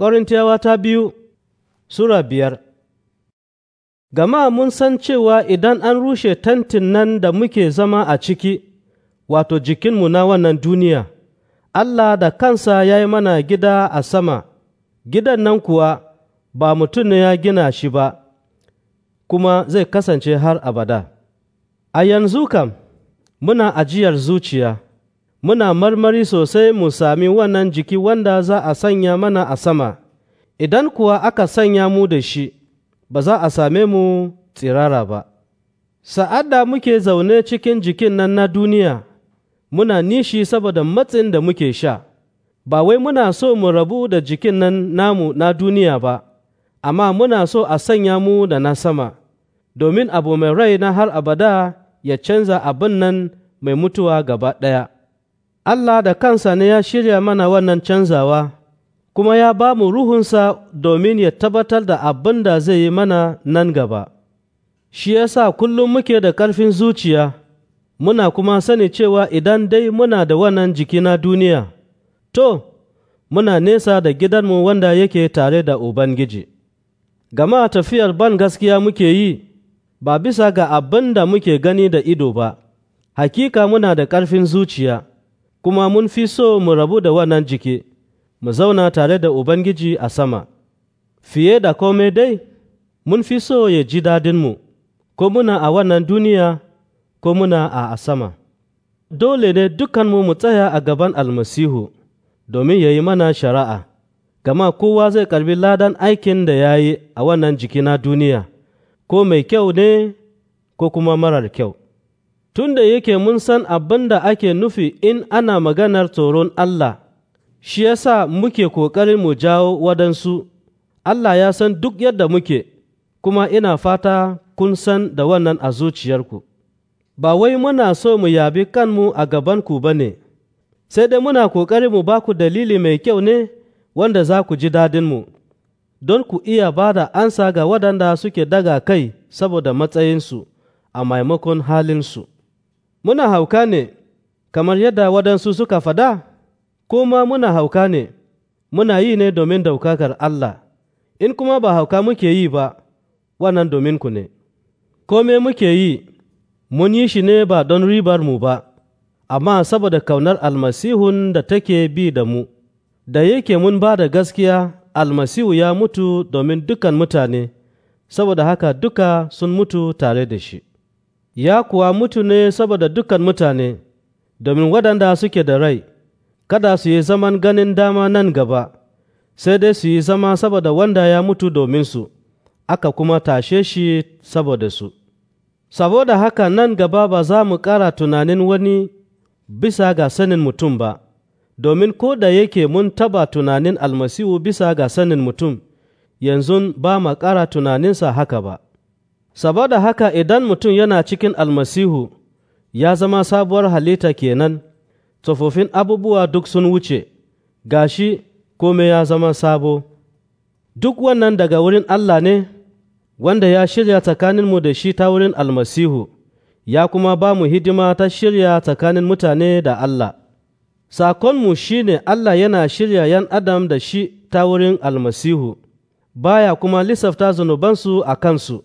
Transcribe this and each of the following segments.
Korintiyawa ta biyu Sura biyar Gama mun san cewa idan an rushe tentin nan da muke zama a ciki, wato jikinmu na wannan duniya, Allah da kansa ya yi mana gida a sama, gidan nan kuwa ba mutum ne ya gina shi ba, kuma zai kasance har abada. A yanzu kam, muna ajiyar zuciya. muna marmari sosai mu sami wannan jiki wanda za a sanya mana a sama, idan kuwa aka sanya mu da shi, ba za a same mu tsirara ba. Sa'ad da muke zaune cikin jikin nan na duniya, muna nishi saboda matsin da muke sha, ba wai muna so mu rabu da jikin nan namu na duniya ba, amma muna so a sanya mu da na sama, domin abu mai rai na har abada ya canza abin nan mai mutuwa gaba ɗaya. Allah da kansa ne ya shirya mana wannan canzawa, kuma ya ba mu ruhunsa domin ya tabbatar da abin da zai yi mana nan gaba. Shi ya sa kullum muke da ƙarfin zuciya, muna kuma sani cewa idan dai muna da wannan jiki na duniya, to, muna nesa da gidanmu wanda yake tare da Ubangiji. Gama tafiyar ban gaskiya muke yi, ba bisa ga abin da muke gani da ido ba, hakika muna da ƙarfin zuciya. kuma mun fi so mu rabu da wannan jiki, mu zauna tare da Ubangiji a sama. Fiye da kome dai, mun fi so ya ji dadinmu, ko muna a wannan duniya, ko muna a sama. Dole ne dukanmu mu tsaya a gaban almasihu, domin ya yi mana shari'a, gama kowa zai karbi ladan aikin da ya yi a wannan jiki na duniya, ko mai kyau ne, ko kuma marar kyau. tun da yake mun san abin da ake nufi in ana maganar tsoron Allah, shi ya sa muke ƙoƙarin mu jawo waɗansu, Allah ya san duk yadda muke, kuma ina fata kun san da wannan a zuciyarku. Ba wai muna so mu yabi kanmu a gabanku ba ne, sai dai muna ƙoƙarin mu ba ku dalili mai kyau ne wanda za ku ji mu don ku iya ba da ansa ga waɗanda suke daga kai saboda matsayinsu a maimakon halinsu. muna hauka ne kamar yadda waɗansu suka fada, ko ma muna hauka ne, muna yi ne domin daukakar Allah, in kuma ba hauka muke yi ba, wannan domin ku ne. Kome muke yi, mun yi shi ne ba don ribar mu ba, amma saboda kaunar almasihun da take bi da mu, da yake mun ba da gaskiya almasihu ya mutu domin dukan mutane, saboda haka duka sun mutu tare da shi. ya kuwa mutu ne saboda dukan mutane, domin waɗanda suke da rai, kada su yi zaman ganin dama nan gaba, sai dai su yi zama saboda wanda ya mutu domin su aka kuma tashe shi saboda su. Saboda haka nan gaba ba za mu ƙara tunanin wani bisa ga sanin mutum ba, domin ko da yake mun taba tunanin almasihu bisa ga sanin mutum, yanzu ba ma ƙara tunaninsa haka ba. Saboda haka idan mutum yana cikin almasihu ya zama sabuwar halitta kenan, tsofaffin abubuwa duk sun wuce, gashi kome ya zama sabo. Duk wannan daga wurin Allah ne, wanda ya shirya tsakaninmu da shi ta wurin almasihu, ya kuma ba mu hidima ta shirya tsakanin mutane da Allah. Sakonmu shi ne Allah yana shirya ‘yan Adam da shi ta wurin almasihu, baya kuma lissafta zunubansu a kansu.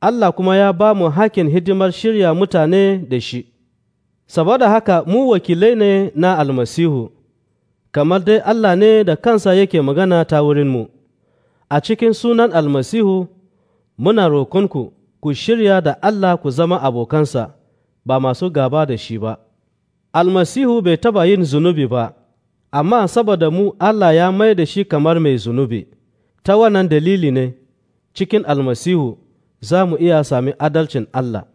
Allah kuma ya ba mu hakin hidimar shirya mutane da shi, saboda haka mu wakilai ne na almasihu, kamar dai Allah ne da kansa yake magana ta wurinmu, a cikin sunan almasihu muna rokonku ku shirya da Allah ku zama abokansa ba masu gaba da shi ba. Almasihu bai taba yin zunubi ba, amma saboda mu Allah ya mai da shi kamar mai zunubi, ta wannan dalili ne cikin almasihu. za mu iya sami adalcin Allah